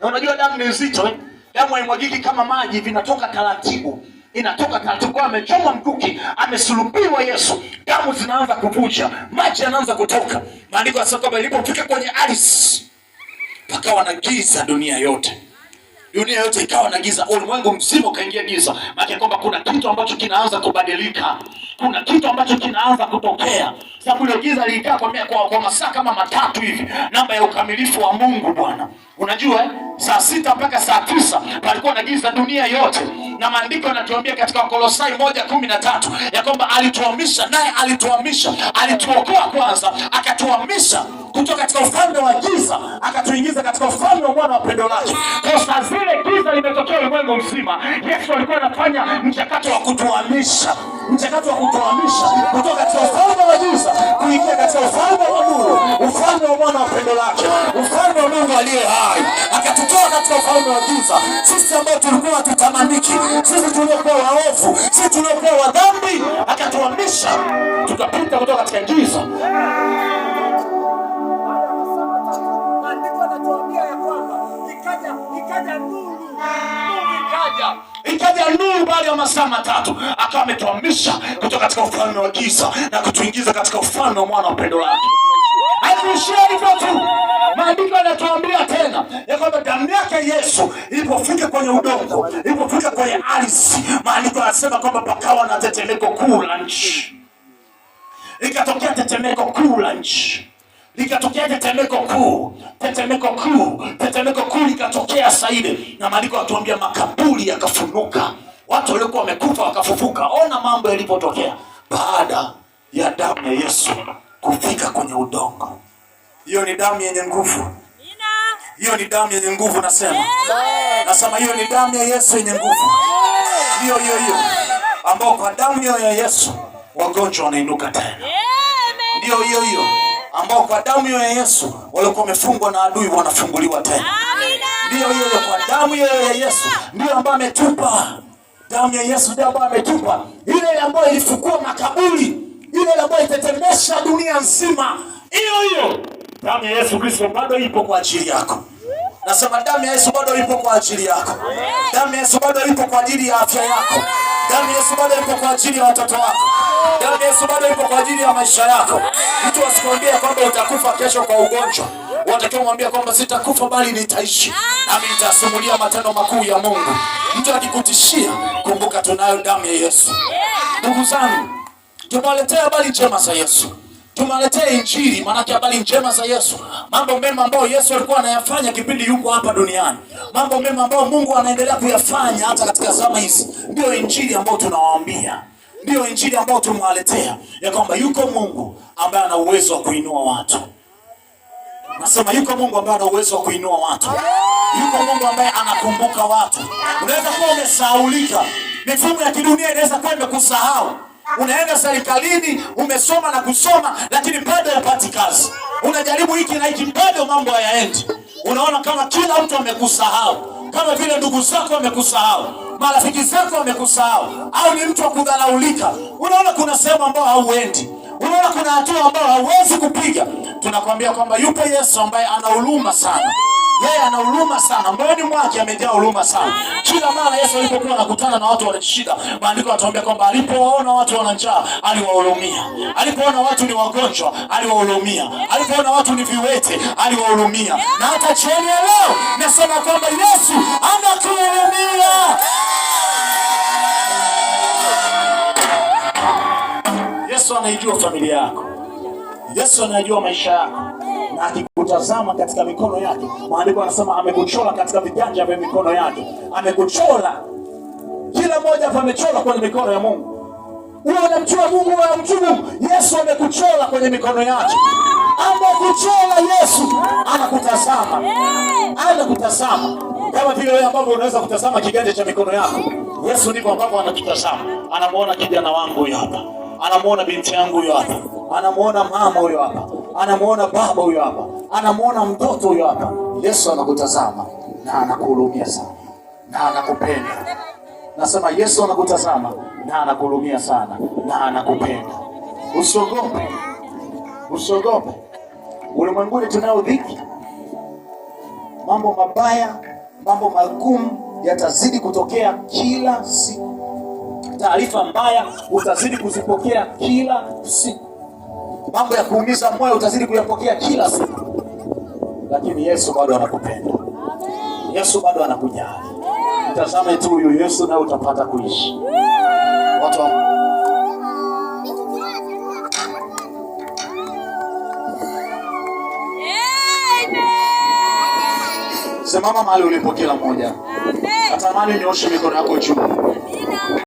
unajua damu ni nzito eh? Damu haimwagiki kama maji, vinatoka taratibu, inatoka taratibu. Kwa amechomwa mkuki, amesulubiwa Yesu, damu zinaanza kuvuja, maji yanaanza kutoka. Maandiko yanasema kwamba ilipofika kwenye aris pakawa na giza dunia yote dunia yote ikawa na giza, ulimwengu mzima ukaingia giza. Maana kwamba kuna kitu ambacho kinaanza kubadilika kuna kitu ambacho kinaanza kutokea. Sababu ile giza lilikaa kwa, kwa, kwa masaa kama matatu hivi, namba ya ukamilifu wa Mungu Bwana. Unajua eh, saa sita mpaka saa tisa palikuwa na giza dunia yote, na maandiko yanatuambia katika Wakolosai moja kumi na tatu ya kwamba alituhamisha, naye alituhamisha, alituokoa kwanza, akatuhamisha kutoka katika ufalme wa giza akatuingiza katika ufalme wa mwana wa pendo lake. Kwa zile giza limetokea ulimwengu mzima, Yesu alikuwa anafanya mchakato wa kutuhamisha, mchakato wa kutuhamisha kutoka katika ufalme wa giza kuingia katika ufalme wa nuru, ufalme wa mwana wa pendo lake, ufalme wa Mungu aliye hai. Akatutoa katika ufalme wa giza, sisi ambao tulikuwa hatutamaniki, sisi tuliokuwa waovu, sisi tuliokuwa wa dhambi, akatuhamisha tukapita kutoka katika giza nuru baada ya masaa matatu, akawa ametuhamisha kutoka katika ufalme wa giza na kutuingiza katika ufalme wa mwana wa pendo lake. Haikuishia hivyo tu, maandiko yanatuambia tena ya kwamba damu yake Yesu ilipofika kwenye udongo, ilipofika kwenye arisi maandiko anasema kwamba pakawa na tetemeko kuu la nchi. Ikatokea tetemeko kuu la nchi, ikatokea tetemeko kuu, tetemeko kuu, tetemeko ya saa ile, na maandiko yatuambia makaburi yakafunuka, watu waliokuwa wamekufa wakafufuka. Ona mambo yalipotokea baada ya damu ya Yesu kufika kwenye udongo. Hiyo ni damu yenye nguvu, hiyo ni damu yenye nguvu. Nasema nasema, hiyo ni damu ya Yesu yenye nguvu, hiyo hiyo hiyo ambao kwa damu hiyo ya Yesu wagonjwa wanainuka tena, ndiyo hiyo hiyo ambao kwa damu hiyo ya Yesu waliokuwa wamefungwa na adui wanafunguliwa tena ndiyo yeye kwa damu yeye ya Yesu ndiyo ambayo ametupa. Damu ya Yesu ndiyo ambayo ametupa, ile ambayo ilifukua makaburi, ile ambayo itetemesha dunia nzima, hiyo hiyo damu ya Yesu Kristo bado ipo kwa ajili yako. Nasema damu ya Yesu bado ipo kwa ajili yako. Damu ya Yesu bado ipo kwa ajili ya afya yako. Damu ya Yesu bado ipo kwa ajili ya watoto wako. Damu ya Yesu bado ipo kwa ajili ya maisha yako. Mtu asikwambie kwamba utakufa kesho kwa ugonjwa watakayomwambia kwamba sitakufa bali nitaishi nami nitasimulia matendo makuu ya Mungu. Mtu akikutishia, kumbuka tunayo damu ya Yesu. Ndugu zangu, tumwaletea habari njema za Yesu, tumaletea Injili, maanake habari njema za Yesu, mambo mema ambayo Yesu alikuwa anayafanya kipindi yuko hapa duniani, mambo mema ambayo Mungu anaendelea kuyafanya hata katika zama hizi. Ndiyo Injili ambayo tunawaambia, ndiyo Injili ambayo tumwaletea, ya kwamba yuko Mungu ambaye ana uwezo wa kuinua watu. Nasema yuko Mungu ambaye ana uwezo wa kuinua watu, yuko Mungu ambaye anakumbuka watu. Unaweza kuwa umesahaulika, mifumo ya kidunia inaweza kuwa imekusahau. Unaenda serikalini, umesoma na kusoma, lakini bado hupati kazi. Unajaribu hiki na hiki, bado mambo hayaendi. Unaona kama kila mtu amekusahau, kama vile ndugu zako wamekusahau marafiki zako wamekusahau, au ni mtu wa kudharaulika. Unaona kuna sehemu ambayo hauendi. Unaona kuna hatua ambayo hauwezi kupiga, tunakwambia kwamba yupo Yesu ambaye ana huruma sana yeye ana huruma sana, moyoni mwake amejaa huruma sana. Kila mara Yesu alipokuwa anakutana na watu wana shida, maandiko yanatuambia kwamba alipowaona watu wana njaa aliwahurumia, alipoona watu ni wagonjwa aliwahurumia, alipoona watu ni viwete aliwahurumia. Na hata jioni ya leo nasema kwamba Yesu anakuhurumia. Yesu anaijua familia yako, Yesu anajua maisha yako, na akikutazama katika mikono yake, maandiko anasema amekuchora katika viganja vya mikono yake, amekuchora kila mmoja amechora kwenye mikono ya Mungu. Wewe unamjua Mungu, wewe unamjua Yesu, amekuchora kwenye mikono yake, amekuchora Yesu. Anakutazama, anakutazama kama vile wewe ambavyo unaweza kutazama kiganja cha mikono yako. Yesu ndipo ambapo anakutazama, anamuona kijana wangu hapa anamuona binti yangu huyo hapa, anamuona mama huyo hapa, anamuona baba huyo hapa, anamuona mtoto huyo hapa. Yesu anakutazama na anakuhurumia sana na anakupenda. Nasema Yesu anakutazama na anakuhurumia sana na anakupenda. Usiogope, usiogope. Ulimwenguni tunao dhiki, mambo mabaya, mambo magumu yatazidi kutokea kila siku taarifa mbaya utazidi kuzipokea kila siku, mambo ya kuumiza moyo utazidi kuyapokea kila siku, lakini Yesu bado anakupenda, Yesu bado anakujali. Mtazame tu huyu Yesu na utapata kuishi watu Simama mahali ulipo kila mmoja. Natamani nioshe mikono yako juu.